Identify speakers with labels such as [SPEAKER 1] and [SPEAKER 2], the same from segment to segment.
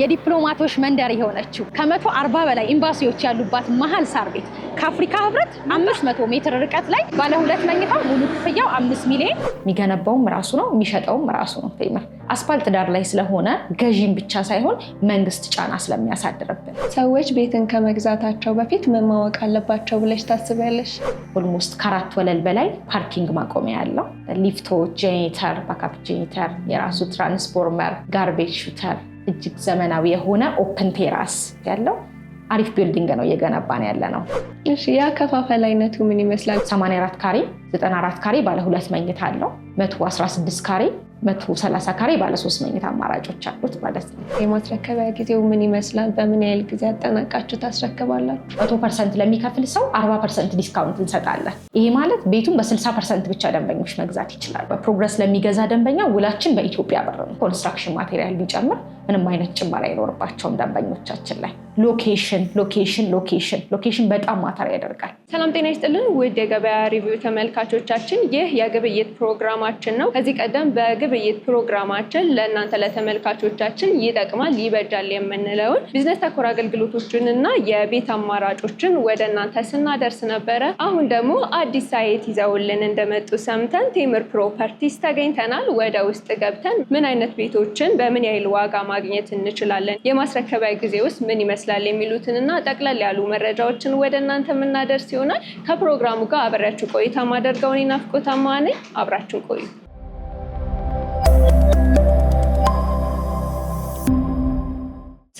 [SPEAKER 1] የዲፕሎማቶች መንደር የሆነችው ከመቶ አርባ በላይ ኤምባሲዎች ያሉባት መሀል ሳር ቤት ከአፍሪካ ህብረት አምስት መቶ ሜትር ርቀት ላይ ባለ ሁለት መኝታ ሙሉ ክፍያው አምስት ሚሊዮን። የሚገነባውም ራሱ ነው፣ የሚሸጠውም ራሱ ነው። ፌመር አስፋልት ዳር ላይ ስለሆነ ገዢም ብቻ ሳይሆን መንግስት ጫና ስለሚያሳድርብን
[SPEAKER 2] ሰዎች ቤትን ከመግዛታቸው በፊት ምን ማወቅ አለባቸው ብለሽ ታስቢያለሽ?
[SPEAKER 1] ኦልሞስት ከአራት ወለል በላይ ፓርኪንግ ማቆሚያ ያለው ሊፍቶች፣ ጄኔተር፣ ባካፕ ጄኔተር፣ የራሱ ትራንስፎርመር፣ ጋርቤጅ ሹተር እጅግ ዘመናዊ የሆነ ኦፕን ቴራስ ያለው አሪፍ ቢልዲንግ ነው እየገነባን ያለ ነው።
[SPEAKER 2] እሺ የአከፋፈል አይነቱ ምን ይመስላል?
[SPEAKER 1] 84 ካሬ፣ 94 ካሬ ባለ ሁለት መኝታ አለው። 116 ካሬ መቶ ሰላሳ ካሬ ባለሶስት መኝታ አማራጮች አሉት ማለት ነው።
[SPEAKER 2] የማስረከቢያ ጊዜው ምን ይመስላል? በምን ያህል ጊዜ አጠናቃችሁ ታስረክባላችሁ?
[SPEAKER 1] መቶ ፐርሰንት ለሚከፍል ሰው አርባ ፐርሰንት ዲስካውንት እንሰጣለን። ይሄ ማለት ቤቱን በስልሳ ፐርሰንት ብቻ ደንበኞች መግዛት ይችላል። በፕሮግረስ ለሚገዛ ደንበኛ ውላችን በኢትዮጵያ ብር ነው። ኮንስትራክሽን ማቴሪያል ቢጨምር ምንም አይነት ጭማሪ አይኖርባቸውም ደንበኞቻችን ላይ ሎኬሽን ሎኬሽን ሎኬሽን ሎኬሽን በጣም ማታሪ ያደርጋል። ሰላም ጤና ይስጥልን ውድ የገበያ ሪቪው ተመልካቾቻችን፣ ይህ የግብይት ፕሮግራማችን ነው። ከዚህ ቀደም በግብይት ፕሮግራማችን ለእናንተ ለተመልካቾቻችን ይጠቅማል፣ ይበጃል የምንለውን ቢዝነስ ተኮር አገልግሎቶችን እና የቤት አማራጮችን ወደ እናንተ ስናደርስ ነበረ። አሁን ደግሞ አዲስ ሳይት ይዘውልን እንደመጡ ሰምተን ቴምር ፕሮፐርቲስ ተገኝተናል። ወደ ውስጥ ገብተን ምን አይነት ቤቶችን በምን ያህል ዋጋ ማግኘት እንችላለን፣ የማስረከቢያ ጊዜ ውስጥ ምን ይመስላል ይመስላል የሚሉትንና ጠቅለል ያሉ መረጃዎችን ወደ እናንተ የምናደርስ ይሆናል። ከፕሮግራሙ ጋር አብሬያችሁ ቆይታ ማደርገውን ናፍቆታማ ነኝ። አብራችሁ ቆዩ።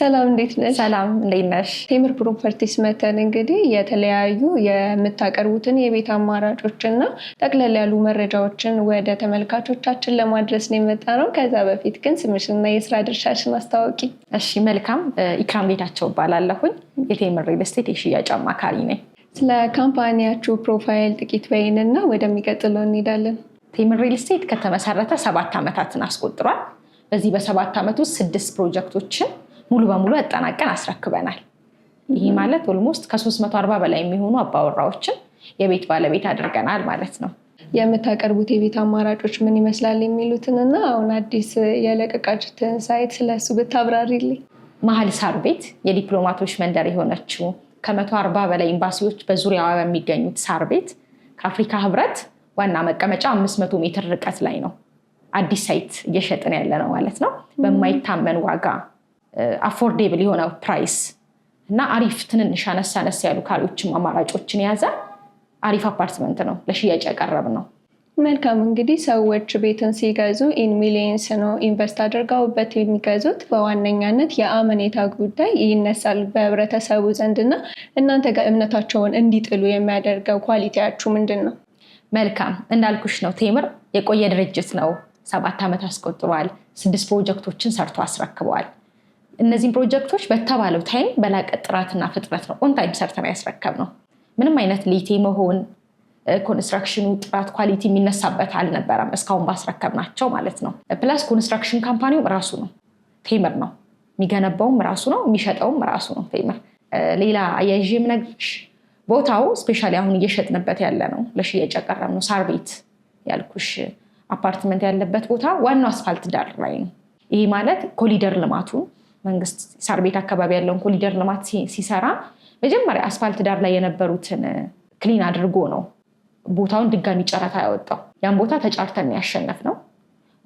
[SPEAKER 2] ሰላም እንዴት ነሽ?
[SPEAKER 1] ሰላም እንዴት ነሽ?
[SPEAKER 2] ቴምር ፕሮፐርቲስ መተን እንግዲህ የተለያዩ የምታቀርቡትን የቤት አማራጮች እና ጠቅለል ያሉ መረጃዎችን ወደ ተመልካቾቻችን ለማድረስ ነው የመጣ ነው። ከዛ በፊት ግን ስምሽንና የስራ ድርሻሽን አስታወቂ።
[SPEAKER 1] እሺ፣ መልካም ኢክራም ጌታቸው እባላለሁኝ። የቴምር ሪል ስቴት የሽያጭ አማካሪ ነኝ።
[SPEAKER 2] ስለ ካምፓኒያችሁ ፕሮፋይል ጥቂት በይን እና ወደሚቀጥለው እንሄዳለን።
[SPEAKER 1] ቴምር ሪል ስቴት ከተመሰረተ ሰባት ዓመታትን አስቆጥሯል። በዚህ በሰባት ዓመት ውስጥ ስድስት ፕሮጀክቶችን ሙሉ በሙሉ አጠናቀን አስረክበናል። ይህ ማለት ኦልሞስት ከሶስት መቶ አርባ በላይ የሚሆኑ አባወራዎችን የቤት ባለቤት አድርገናል ማለት ነው።
[SPEAKER 2] የምታቀርቡት የቤት አማራጮች ምን ይመስላል የሚሉትን እና አሁን አዲስ የለቀቃችሁትን ሳይት ስለሱ ብታብራሪልኝ።
[SPEAKER 1] መሀል ሳር ቤት የዲፕሎማቶች መንደር የሆነችው ከመቶ አርባ በላይ ኤምባሲዎች በዙሪያዋ በሚገኙት ሳር ቤት ከአፍሪካ ህብረት ዋና መቀመጫ መቶ ሜትር ርቀት ላይ ነው አዲስ ሳይት እየሸጥን ያለ ነው ማለት ነው በማይታመን ዋጋ አፎርዴብል uh, የሆነ ፕራይስ እና አሪፍ ትንንሽ አነስ አነስ ያሉ ካሬዎችም አማራጮችን የያዘ አሪፍ አፓርትመንት ነው ለሽያጭ ያቀረብ ነው።
[SPEAKER 2] መልካም እንግዲህ ሰዎች ቤትን ሲገዙ ኢን ሚሊየንስ ነው ኢንቨስት አድርገውበት የሚገዙት። በዋነኛነት የአመኔታ ጉዳይ ይነሳል በህብረተሰቡ ዘንድና እናንተ ጋር እምነታቸውን እንዲጥሉ የሚያደርገው ኳሊቲያችሁ ምንድን ነው?
[SPEAKER 1] መልካም እንዳልኩሽ ነው ቴምር የቆየ ድርጅት ነው። ሰባት ዓመት አስቆጥሯል። ስድስት ፕሮጀክቶችን ሰርቶ አስረክበዋል። እነዚህን ፕሮጀክቶች በተባለው ታይም በላቀ ጥራትና ፍጥነት ነው ኦንታይም ታይም ሰርተን ያስረከብ ነው። ምንም አይነት ሌቴ መሆን ኮንስትራክሽኑ ጥራት ኳሊቲ የሚነሳበት አልነበረም እስካሁን ባስረከብ ናቸው ማለት ነው። ፕላስ ኮንስትራክሽን ካምፓኒውም ራሱ ነው ቴምር ነው የሚገነባውም ራሱ ነው የሚሸጠውም ራሱ ነው ቴምር። ሌላ አያዥም የምነግርሽ ቦታው ስፔሻሊ አሁን እየሸጥንበት ያለ ነው ለሽያጭ ያቀረብ ነው ሳር ቤት ያልኩሽ አፓርትመንት ያለበት ቦታ ዋናው አስፋልት ዳር ላይ ነው። ይሄ ማለት ኮሊደር ልማቱን መንግስት ሳር ቤት አካባቢ ያለውን ኮሊደር ልማት ሲሰራ መጀመሪያ አስፋልት ዳር ላይ የነበሩትን ክሊን አድርጎ ነው ቦታውን ድጋሚ ጨረታ ያወጣው። ያን ቦታ ተጫርተን ያሸነፍ ነው።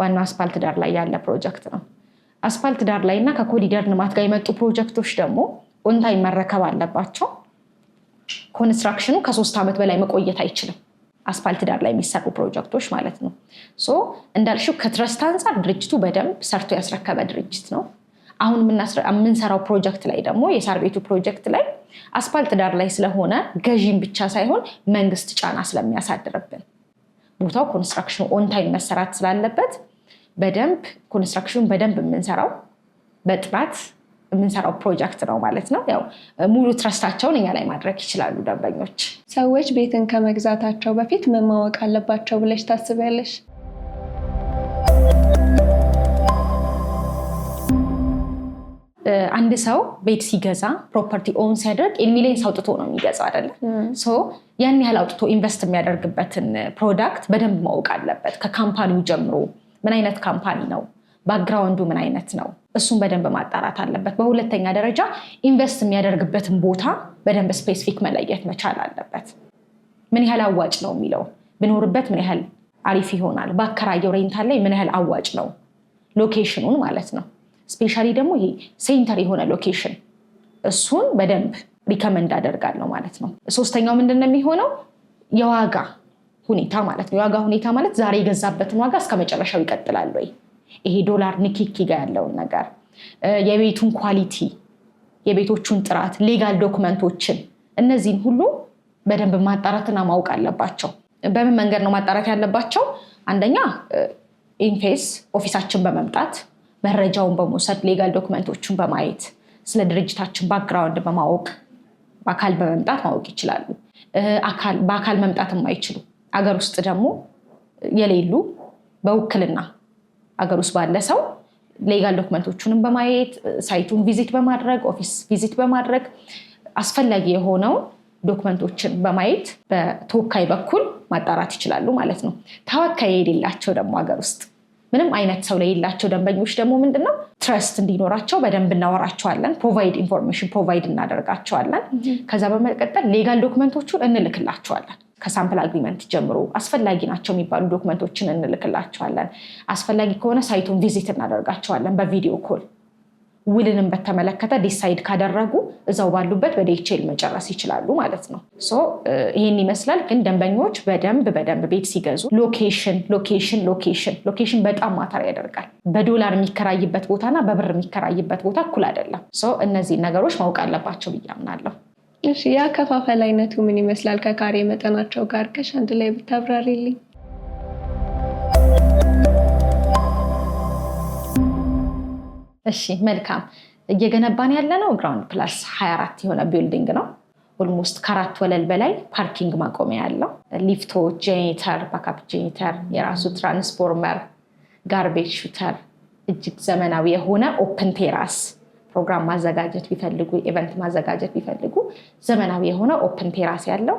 [SPEAKER 1] ዋናው አስፋልት ዳር ላይ ያለ ፕሮጀክት ነው። አስፋልት ዳር ላይ እና ከኮሊደር ልማት ጋር የመጡ ፕሮጀክቶች ደግሞ ኦንታይ መረከብ አለባቸው። ኮንስትራክሽኑ ከሶስት ዓመት በላይ መቆየት አይችልም። አስፋልት ዳር ላይ የሚሰሩ ፕሮጀክቶች ማለት ነው። ሶ እንዳልሽው ከትረስት አንጻር ድርጅቱ በደንብ ሰርቶ ያስረከበ ድርጅት ነው። አሁን የምንሰራው ፕሮጀክት ላይ ደግሞ የሳር ቤቱ ፕሮጀክት ላይ አስፓልት ዳር ላይ ስለሆነ ገዢም ብቻ ሳይሆን መንግስት ጫና ስለሚያሳድርብን ቦታው ኮንስትራክሽን ኦንታይም መሰራት ስላለበት በደንብ ኮንስትራክሽን በደንብ የምንሰራው በጥራት የምንሰራው ፕሮጀክት ነው ማለት ነው። ያው ሙሉ ትረስታቸውን እኛ ላይ ማድረግ ይችላሉ ደንበኞች።
[SPEAKER 2] ሰዎች ቤትን ከመግዛታቸው በፊት ምን ማወቅ አለባቸው ብለሽ ታስቢያለሽ?
[SPEAKER 1] አንድ ሰው ቤት ሲገዛ ፕሮፐርቲ ኦን ሲያደርግ ኢንሚሊየንስ አውጥቶ ነው የሚገዛ አይደለም። ሶ ያን ያህል አውጥቶ ኢንቨስት የሚያደርግበትን ፕሮዳክት በደንብ ማወቅ አለበት። ከካምፓኒው ጀምሮ ምን አይነት ካምፓኒ ነው፣ ባክግራውንዱ ምን አይነት ነው፣ እሱን በደንብ ማጣራት አለበት። በሁለተኛ ደረጃ ኢንቨስት የሚያደርግበትን ቦታ በደንብ ስፔሲፊክ መለየት መቻል አለበት። ምን ያህል አዋጭ ነው የሚለው ብኖርበት ምን ያህል አሪፍ ይሆናል፣ በአከራየው ሬንታል ላይ ምን ያህል አዋጭ ነው፣ ሎኬሽኑን ማለት ነው ስፔሻሊ ደግሞ ይሄ ሴንተር የሆነ ሎኬሽን እሱን በደንብ ሪከመንድ አደርጋለሁ ማለት ነው። ሶስተኛው ምንድን ነው የሚሆነው የዋጋ ሁኔታ ማለት ነው። የዋጋ ሁኔታ ማለት ዛሬ የገዛበትን ዋጋ እስከ መጨረሻው ይቀጥላል ወይ? ይሄ ዶላር ንኪኪ ጋር ያለውን ነገር፣ የቤቱን ኳሊቲ፣ የቤቶቹን ጥራት፣ ሌጋል ዶክመንቶችን፣ እነዚህን ሁሉ በደንብ ማጣራትና ማወቅ አለባቸው። በምን መንገድ ነው ማጣራት ያለባቸው? አንደኛ ኢንፌስ ኦፊሳችን በመምጣት መረጃውን በመውሰድ ሌጋል ዶክመንቶችን በማየት ስለ ድርጅታችን ባክግራውንድ በማወቅ በአካል በመምጣት ማወቅ ይችላሉ። በአካል መምጣት የማይችሉ አገር ውስጥ ደግሞ የሌሉ በውክልና አገር ውስጥ ባለ ሰው ሌጋል ዶክመንቶቹንም በማየት ሳይቱን ቪዚት በማድረግ ኦፊስ ቪዚት በማድረግ አስፈላጊ የሆነውን ዶክመንቶችን በማየት በተወካይ በኩል ማጣራት ይችላሉ ማለት ነው። ተወካይ የሌላቸው ደግሞ ሀገር ውስጥ ምንም አይነት ሰው ላይ የላቸው ደንበኞች ደግሞ ምንድነው ትረስት እንዲኖራቸው በደንብ እናወራቸዋለን። ፕሮቫይድ ኢንፎርሜሽን ፕሮቫይድ እናደርጋቸዋለን። ከዛ በመቀጠል ሌጋል ዶክመንቶቹን እንልክላቸዋለን። ከሳምፕል አግሪመንት ጀምሮ አስፈላጊ ናቸው የሚባሉ ዶክመንቶችን እንልክላቸዋለን። አስፈላጊ ከሆነ ሳይቱን ቪዚት እናደርጋቸዋለን በቪዲዮ ኮል ውልንም በተመለከተ ዲሳይድ ካደረጉ እዛው ባሉበት ወደ ኤችኤል መጨረስ ይችላሉ ማለት ነው። ይህን ይመስላል። ግን ደንበኞች በደንብ በደንብ ቤት ሲገዙ ሎኬሽን ሎኬሽን ሎኬሽን ሎኬሽን በጣም ማተር ያደርጋል። በዶላር የሚከራይበት ቦታና በብር የሚከራይበት ቦታ እኩል አይደለም። እነዚህ ነገሮች ማወቅ አለባቸው ብዬ አምናለሁ።
[SPEAKER 2] እሺ፣ የአከፋፈል አይነቱ ምን ይመስላል? ከካሬ መጠናቸው ጋር አንድ ላይ ብታብራሪልኝ።
[SPEAKER 1] እሺ መልካም። እየገነባን ያለ ነው ግራውንድ ፕላስ 24 የሆነ ቢልዲንግ ነው። ኦልሞስት ከአራት ወለል በላይ ፓርኪንግ ማቆሚያ ያለው፣ ሊፍቶች፣ ጄኔተር፣ ባካፕ ጄኔተር፣ የራሱ ትራንስፎርመር፣ ጋርቤጅ ሹተር፣ እጅግ ዘመናዊ የሆነ ኦፕን ቴራስ ፕሮግራም ማዘጋጀት ቢፈልጉ ኢቨንት ማዘጋጀት ቢፈልጉ ዘመናዊ የሆነ ኦፕን ቴራስ ያለው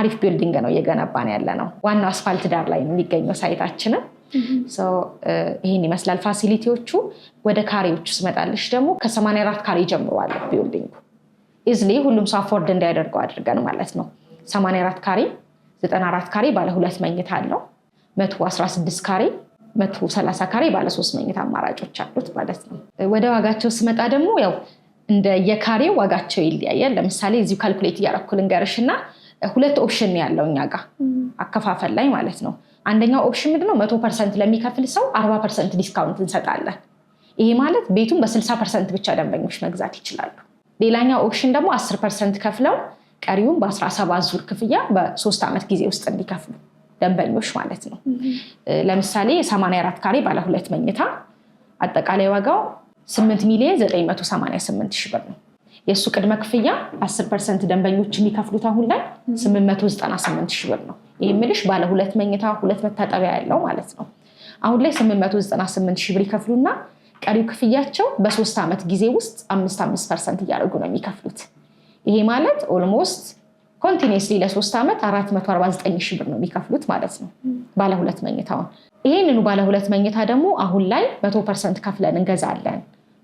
[SPEAKER 1] አሪፍ ቢልዲንግ ነው እየገነባን ያለ ነው። ዋናው አስፋልት ዳር ላይ የሚገኘው ሳይታችንም Mm-hmm. Uh, ይህን ይመስላል ፋሲሊቲዎቹ። ወደ ካሬዎቹ ስመጣልሽ ደግሞ ከሰማኒ አራት ካሬ ጀምሯል ቢልዲንጉ ኢዝሊ ሁሉም ሰው አፎርድ እንዳያደርገው አድርገን ማለት ነው። ሰማንያ አራት ካሬ፣ ዘጠና አራት ካሬ ባለ ሁለት መኝታ አለው። መቶ አስራ ስድስት ካሬ መቶ ሰላሳ ካሬ ባለ ሶስት መኝታ አማራጮች አሉት ማለት ነው። ወደ ዋጋቸው ስመጣ ደግሞ ያው እንደ የካሬ ዋጋቸው ይለያያል። ለምሳሌ እዚሁ ካልኩሌት እያደረኩ እና ሁለት ኦፕሽን ያለው እኛ ጋር mm-hmm. አከፋፈል ላይ ማለት ነው። አንደኛው ኦፕሽን ምንድነው መቶ ፐርሰንት ለሚከፍል ሰው አርባ ፐርሰንት ዲስካውንት እንሰጣለን። ይሄ ማለት ቤቱን በስልሳ ፐርሰንት ብቻ ደንበኞች መግዛት ይችላሉ። ሌላኛው ኦፕሽን ደግሞ አስር ፐርሰንት ከፍለው ቀሪውን በአስራ ሰባት ዙር ክፍያ በሶስት ዓመት ጊዜ ውስጥ እንዲከፍሉ ደንበኞች ማለት ነው። ለምሳሌ 84 ካሬ ባለ ሁለት መኝታ አጠቃላይ ዋጋው 8 ሚሊዮን 988 ሺህ ብር ነው። የእሱ ቅድመ ክፍያ 10 ፐርሰንት ደንበኞች የሚከፍሉት አሁን ላይ 898 ሺ ብር ነው። ይህ ምልሽ ባለ ሁለት መኝታ ሁለት መታጠቢያ ያለው ማለት ነው። አሁን ላይ 898 ሺ ብር ይከፍሉና ቀሪው ክፍያቸው በሶስት ዓመት ጊዜ ውስጥ አምስት አምስት ፐርሰንት እያደረጉ ነው የሚከፍሉት። ይሄ ማለት ኦልሞስት ኮንቲኒስሊ ለሶስት ዓመት 449 ሺ ብር ነው የሚከፍሉት ማለት ነው ባለ ሁለት መኝታውን። ይህንኑ ባለ ሁለት መኝታ ደግሞ አሁን ላይ መቶ ፐርሰንት ከፍለን እንገዛለን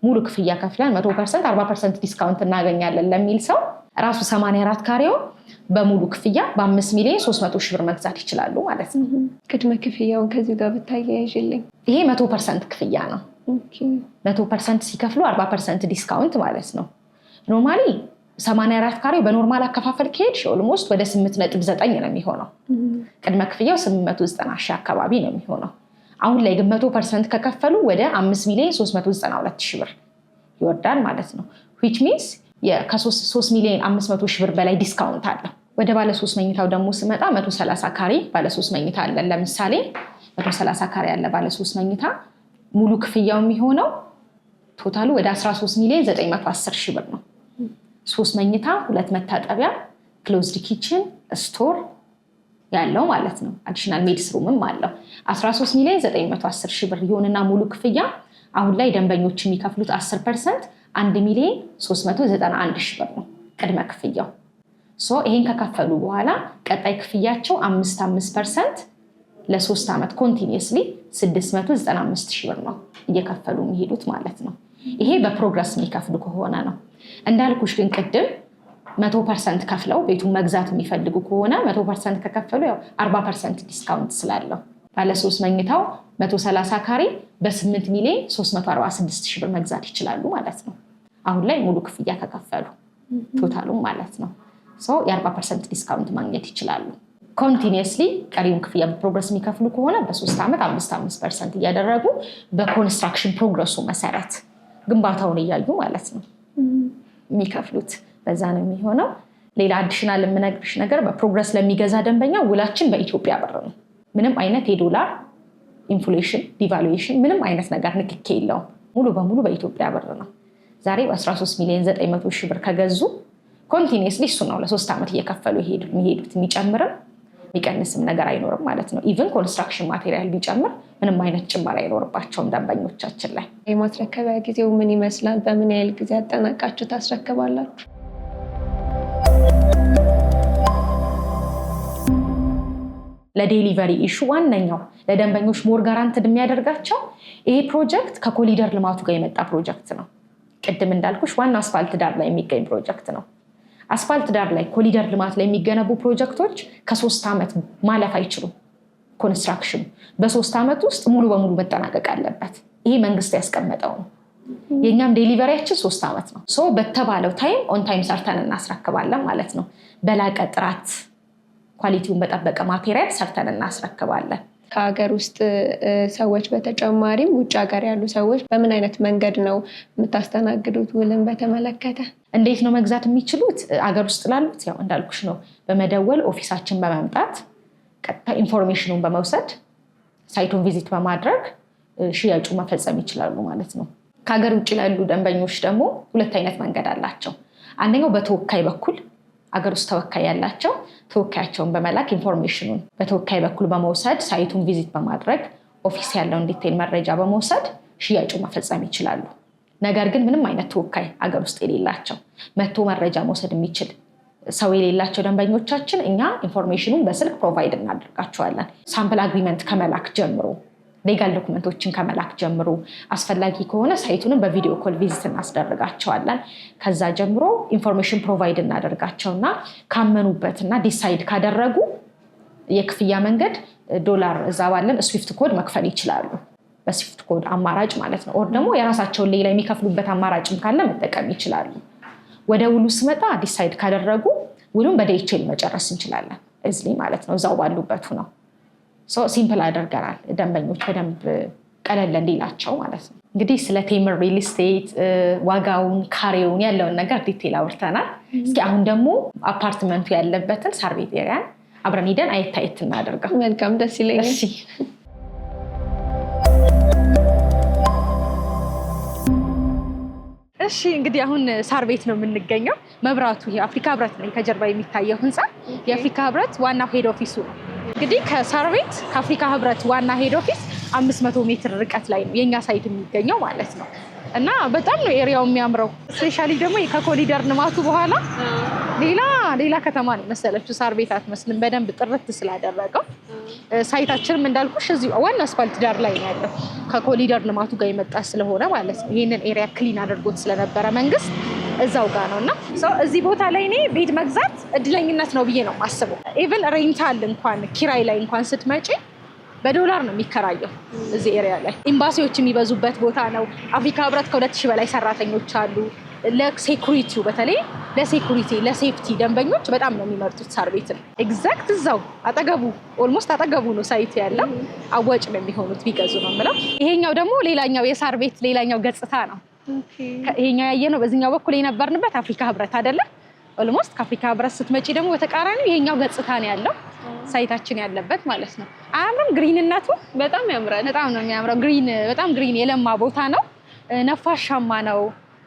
[SPEAKER 1] ሙሉ ክፍያ ከፍለን መቶ ፐርሰንት አርባ ፐርሰንት ዲስካውንት እናገኛለን ለሚል ሰው ራሱ አራት ካሬው በሙሉ ክፍያ በአምስት ሚሊዮን ሶስት መቶ ሺህ ብር መግዛት ይችላሉ ማለት ነው።
[SPEAKER 2] ቅድመ ክፍያውን ከዚህ ጋር ብታያይዥልኝ
[SPEAKER 1] ይሄ መቶ ፐርሰንት ክፍያ ነው። መቶ ፐርሰንት ሲከፍሉ አርባ ፐርሰንት ዲስካውንት ማለት ነው። ኖርማሊ አራት ካሬው በኖርማል አከፋፈል ከሄድ ኦልሞስት ወደ ዘጠኝ ነው የሚሆነው። ቅድመ ክፍያው ዘጠና ሺህ አካባቢ ነው የሚሆነው አሁን ላይ ግመቶ መቶ ፐርሰንት ከከፈሉ ወደ አምስት ሚሊዮን ሶስት መቶ ዘጠና ሁለት ሺ ብር ይወርዳል ማለት ነው። ዊች ሚንስ ከሶስት ሚሊዮን አምስት መቶ ሺ ብር በላይ ዲስካውንት አለው። ወደ ባለሶስት መኝታው ደግሞ ስመጣ መቶ ሰላሳ ካሬ ባለሶስት መኝታ አለን። ለምሳሌ መቶ ሰላሳ ካሬ ያለ ባለሶስት መኝታ ሙሉ ክፍያው የሚሆነው ቶታሉ ወደ 13 ሚሊዮን 910 ሺህ ብር ነው። ሶስት መኝታ ሁለት መታጠቢያ ክሎዝድ ኪችን ስቶር ያለው ማለት ነው። አዲሽናል ሜድስ ሩምም አለው 13 ሚሊዮን 910 ሺህ ብር ይሁንና ሙሉ ክፍያ አሁን ላይ ደንበኞች የሚከፍሉት 10 ፐርሰንት 1 ሚሊዮን 391 ሺህ ብር ነው ቅድመ ክፍያው። ይሄን ከከፈሉ በኋላ ቀጣይ ክፍያቸው 55 ፐርሰንት ለሶስት ዓመት ኮንቲኒየስሊ 695 ሺህ ብር ነው እየከፈሉ የሚሄዱት ማለት ነው። ይሄ በፕሮግረስ የሚከፍሉ ከሆነ ነው። እንዳልኩሽ ግን ቅድም መቶ ፐርሰንት ከፍለው ቤቱን መግዛት የሚፈልጉ ከሆነ መቶ ፐርሰንት ከከፈሉ ያው አርባ ፐርሰንት ዲስካውንት ስላለው ባለሶስት መኝታው መቶ ሰላሳ ካሬ በስምንት ሚሊዮን ሶስት መቶ አርባ ስድስት ሺህ ብር መግዛት ይችላሉ ማለት ነው። አሁን ላይ ሙሉ ክፍያ ከከፈሉ ቶታሉም ማለት ነው ሰው የአርባ ፐርሰንት ዲስካውንት ማግኘት ይችላሉ። ኮንቲኒየስሊ ቀሪውን ክፍያ በፕሮግረስ የሚከፍሉ ከሆነ በሶስት ዓመት አምስት አምስት ፐርሰንት እያደረጉ በኮንስትራክሽን ፕሮግረሱ መሰረት ግንባታውን እያዩ ማለት ነው የሚከፍሉት በዛ ነው የሚሆነው። ሌላ አዲሽናል የምነግርሽ ነገር በፕሮግረስ ለሚገዛ ደንበኛ ውላችን በኢትዮጵያ ብር ነው። ምንም አይነት የዶላር ኢንፍሌሽን፣ ዲቫሉዌሽን ምንም አይነት ነገር ንክኬ የለውም። ሙሉ በሙሉ በኢትዮጵያ ብር ነው። ዛሬ በ13 ሚሊዮን 900 ሺህ ብር ከገዙ ኮንቲኒየስሊ እሱ ነው ለሶስት ዓመት እየከፈሉ የሚሄዱት። የሚጨምርም የሚቀንስም ነገር አይኖርም ማለት ነው። ኢቨን ኮንስትራክሽን ማቴሪያል ቢጨምር ምንም አይነት ጭማሪ አይኖርባቸውም ደንበኞቻችን ላይ።
[SPEAKER 2] የማስረከቢያ ጊዜው ምን ይመስላል? በምን ያህል ጊዜ አጠናቃችሁ ታስረክባላችሁ?
[SPEAKER 1] ለዴሊቨሪ ኢሹ ዋነኛው ለደንበኞች ሞር ጋራንትድ የሚያደርጋቸው ይሄ ፕሮጀክት ከኮሊደር ልማቱ ጋር የመጣ ፕሮጀክት ነው። ቅድም እንዳልኩሽ ዋና አስፋልት ዳር ላይ የሚገኝ ፕሮጀክት ነው። አስፋልት ዳር ላይ ኮሊደር ልማት ላይ የሚገነቡ ፕሮጀክቶች ከሶስት ዓመት ማለፍ አይችሉም። ኮንስትራክሽኑ በሶስት ዓመት ውስጥ ሙሉ በሙሉ መጠናቀቅ አለበት። ይሄ መንግስት ያስቀመጠው ነው። የእኛም ዴሊቨሪያችን ሶስት ዓመት ነው። ሶ በተባለው ታይም ኦን ታይም ሰርተን እናስረክባለን ማለት ነው በላቀ ጥራት ኳሊቲውን በጠበቀ ማቴሪያል ሰርተን እናስረክባለን።
[SPEAKER 2] ከሀገር ውስጥ ሰዎች በተጨማሪም ውጭ ሀገር ያሉ ሰዎች በምን አይነት መንገድ ነው የምታስተናግዱት? ውልን በተመለከተ
[SPEAKER 1] እንዴት ነው መግዛት የሚችሉት? አገር ውስጥ ላሉት ያው እንዳልኩሽ ነው በመደወል ኦፊሳችን በመምጣት ቀጥታ ኢንፎርሜሽኑን በመውሰድ ሳይቱን ቪዚት በማድረግ ሽያጩ መፈጸም ይችላሉ ማለት ነው። ከሀገር ውጭ ላሉ ደንበኞች ደግሞ ሁለት አይነት መንገድ አላቸው። አንደኛው በተወካይ በኩል አገር ውስጥ ተወካይ ያላቸው ተወካያቸውን በመላክ ኢንፎርሜሽኑን በተወካይ በኩል በመውሰድ ሳይቱን ቪዚት በማድረግ ኦፊስ ያለውን ዲቴል መረጃ በመውሰድ ሽያጩ መፈጸም ይችላሉ። ነገር ግን ምንም አይነት ተወካይ አገር ውስጥ የሌላቸው መቶ መረጃ መውሰድ የሚችል ሰው የሌላቸው ደንበኞቻችን እኛ ኢንፎርሜሽኑን በስልክ ፕሮቫይድ እናደርጋቸዋለን። ሳምፕል አግሪመንት ከመላክ ጀምሮ ሌጋል ዶክመንቶችን ከመላክ ጀምሮ አስፈላጊ ከሆነ ሳይቱንም በቪዲዮ ኮል ቪዚት እናስደርጋቸዋለን። ከዛ ጀምሮ ኢንፎርሜሽን ፕሮቫይድ እናደርጋቸውና ካመኑበትና ዲሳይድ ካደረጉ የክፍያ መንገድ ዶላር እዛ ባለን ስዊፍት ኮድ መክፈል ይችላሉ። በስዊፍት ኮድ አማራጭ ማለት ነው። ኦር ደግሞ የራሳቸውን ሌላ የሚከፍሉበት አማራጭም ካለ መጠቀም ይችላሉ። ወደ ውሉ ስመጣ ዲሳይድ ካደረጉ ውሉን በደይቼል መጨረስ እንችላለን። እዚህ ማለት ነው እዛው ባሉበት ነው ሲምፕል አድርገናል ደንበኞች በደንብ ቀለል እንዲላቸው ማለት ነው። እንግዲህ ስለ ቴምር ሪል ስቴት ዋጋውን፣ ካሬውን ያለውን ነገር ዲቴል አውርተናል። እስኪ አሁን ደግሞ አፓርትመንቱ ያለበትን ሳርቤት ኤሪያን አብረን ሂደን አየት እናደርገው።
[SPEAKER 2] መልካም ደስ ይለኛል።
[SPEAKER 1] እሺ እንግዲህ አሁን ሳር ቤት ነው የምንገኘው። መብራቱ የአፍሪካ ህብረት ነው ከጀርባ የሚታየው ህንፃ የአፍሪካ ህብረት ዋና ሄድ ኦፊሱ ነው። እንግዲህ ከሳርቤት ከአፍሪካ ህብረት ዋና ሄድ ኦፊስ 500 ሜትር ርቀት ላይ ነው የኛ ሳይት የሚገኘው ማለት ነው። እና በጣም ነው ኤሪያው የሚያምረው። ስፔሻሊ ደግሞ ከኮሊደር ልማቱ በኋላ ሌላ ሌላ ከተማ ነው መሰለችው። ሳር ቤት አትመስልም፣ በደንብ ጥርት ስላደረገው። ሳይታችንም እንዳልኩሽ እዚህ ዋና አስፋልት ዳር ላይ ነው ያለው፣ ከኮሊደር ልማቱ ጋር የመጣ ስለሆነ ማለት ነው። ይህንን ኤሪያ ክሊን አድርጎት ስለነበረ መንግስት እዛው ጋር ነው እና እዚህ ቦታ ላይ እኔ ቤት መግዛት እድለኝነት ነው ብዬ ነው ማስበው ኢቨን ሬንታል እንኳን ኪራይ ላይ እንኳን ስትመጪ በዶላር ነው የሚከራየው። እዚህ ኤሪያ ላይ ኤምባሲዎች የሚበዙበት ቦታ ነው። አፍሪካ ህብረት ከሁለት ሺህ በላይ ሰራተኞች አሉ። ለሴኩሪቲ በተለይ ለሴኩሪቲ ለሴፍቲ ደንበኞች በጣም ነው የሚመርጡት ሳር ቤት ነው። ኤግዛክት እዛው አጠገቡ ኦልሞስት አጠገቡ ነው ሳይት ያለው። አዋጭ ነው የሚሆኑት ቢገዙ ነው የምለው። ይሄኛው ደግሞ ሌላኛው የሳር ቤት ሌላኛው ገጽታ ነው። ይሄኛው ያየ ነው። በዚህኛው በኩል የነበርንበት አፍሪካ ህብረት አይደለ? ኦልሞስት ከአፍሪካ ህብረት ስትመጪ ደግሞ በተቃራኒው ይሄኛው ገጽታ ነው ያለው ሳይታችን ያለበት ማለት ነው። አያምርም? ግሪንነቱ በጣም ያምራል። በጣም ነው የሚያምረው። ግሪን በጣም ግሪን የለማ ቦታ ነው። ነፋሻማ ነው።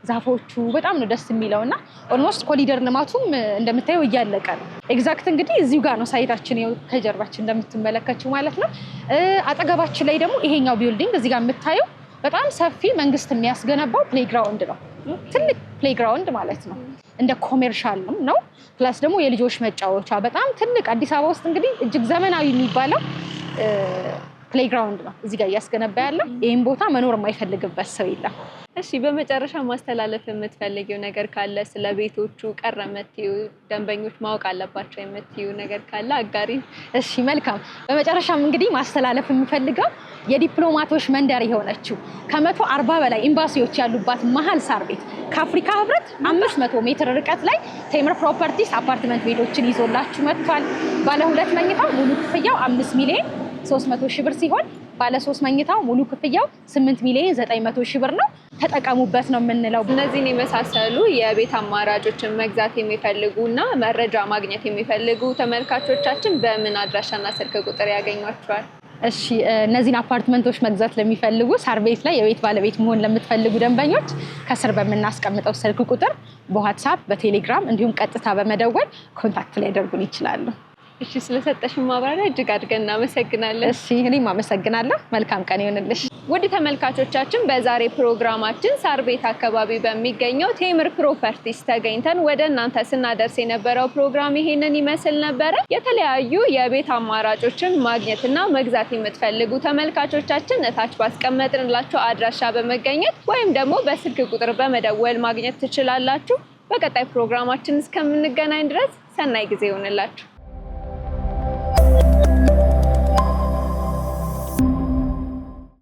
[SPEAKER 1] ዛፎቹ በጣም ነው ደስ የሚለው እና ኦልሞስት ኮሊደር ልማቱም እንደምታየው እያለቀ ነው። ኤግዛክት እንግዲህ እዚሁ ጋር ነው ሳይታችን ከጀርባችን እንደምትመለከችው ማለት ነው። አጠገባችን ላይ ደግሞ ይሄኛው ቢልዲንግ እዚህ ጋር የምታየው በጣም ሰፊ መንግስት የሚያስገነባው ፕሌግራውንድ ነው። ትልቅ ፕሌግራውንድ ማለት ነው። እንደ ኮሜርሻል ነው። ፕላስ ደግሞ የልጆች መጫወቻ በጣም ትልቅ አዲስ አበባ ውስጥ እንግዲህ እጅግ ዘመናዊ የሚባለው ፕሌይግራውንድ ነው እዚህ ጋር እያስገነባ ያለው። ይህም ቦታ መኖር የማይፈልግበት ሰው የለም።
[SPEAKER 2] እሺ፣ በመጨረሻ ማስተላለፍ የምትፈልጊው ነገር ካለ ስለ ቤቶቹ ቀረ የምትዩ ደንበኞች ማወቅ አለባቸው የምትዩ ነገር ካለ አጋሪ። እሺ፣ መልካም። በመጨረሻም እንግዲህ ማስተላለፍ የምፈልገው የዲፕሎማቶች መንደር የሆነችው ከመቶ አርባ በላይ ኤምባሲዎች ያሉባት መሀል ሳር ቤት ከአፍሪካ ህብረት አምስት መቶ ሜትር ርቀት ላይ ቴምር ፕሮፐርቲስ አፓርትመንት ቤቶችን ይዞላችሁ መጥቷል። ባለ ሁለት መኝታ ሙሉ ክፍያው አምስት ሚሊዮን 300 ሺህ ብር ሲሆን ባለ ሶስት መኝታው ሙሉ ክፍያው 8 ሚሊዮን 900 ሺህ ብር ነው። ተጠቀሙበት ነው የምንለው። እነዚህን የመሳሰሉ የቤት አማራጮችን መግዛት የሚፈልጉ እና መረጃ ማግኘት የሚፈልጉ ተመልካቾቻችን በምን አድራሻና ስልክ ቁጥር ያገኟቸዋል?
[SPEAKER 1] እሺ እነዚህን አፓርትመንቶች መግዛት ለሚፈልጉ ሳር ቤት ላይ የቤት ባለቤት መሆን ለምትፈልጉ ደንበኞች ከስር በምናስቀምጠው ስልክ ቁጥር በዋትሳፕ በቴሌግራም እንዲሁም ቀጥታ በመደወል ኮንታክት ላይ ይችላሉ።
[SPEAKER 2] እሺ፣ ስለሰጠሽን ማብራሪያ እጅግ አድርገን እናመሰግናለን።
[SPEAKER 1] እሺ፣ እኔም አመሰግናለሁ። መልካም ቀን ይሆንልሽ።
[SPEAKER 2] ውድ ተመልካቾቻችን፣ በዛሬ ፕሮግራማችን ሳር ቤት አካባቢ በሚገኘው ቴምር ፕሮፐርቲስ ተገኝተን ወደ እናንተ ስናደርስ የነበረው ፕሮግራም ይሄንን ይመስል ነበረ። የተለያዩ የቤት አማራጮችን ማግኘትና መግዛት የምትፈልጉ ተመልካቾቻችን እታች ባስቀመጥንላቸው አድራሻ በመገኘት ወይም ደግሞ በስልክ ቁጥር በመደወል ማግኘት ትችላላችሁ። በቀጣይ ፕሮግራማችን እስከምንገናኝ ድረስ ሰናይ ጊዜ ይሆንላችሁ። Thank you.